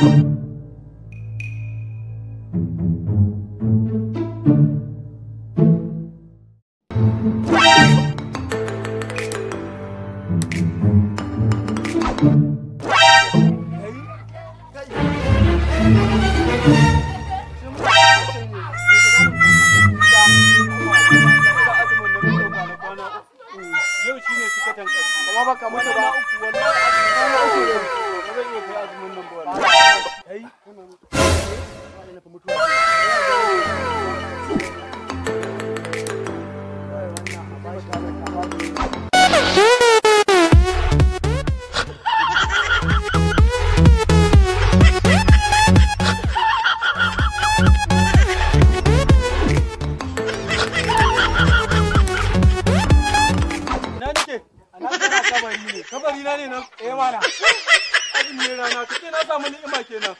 yau ne suka tankaci amma ba kamar da kai kana mutuwa Kabari na ne na eh kenan na kike na samu ni'ima kenan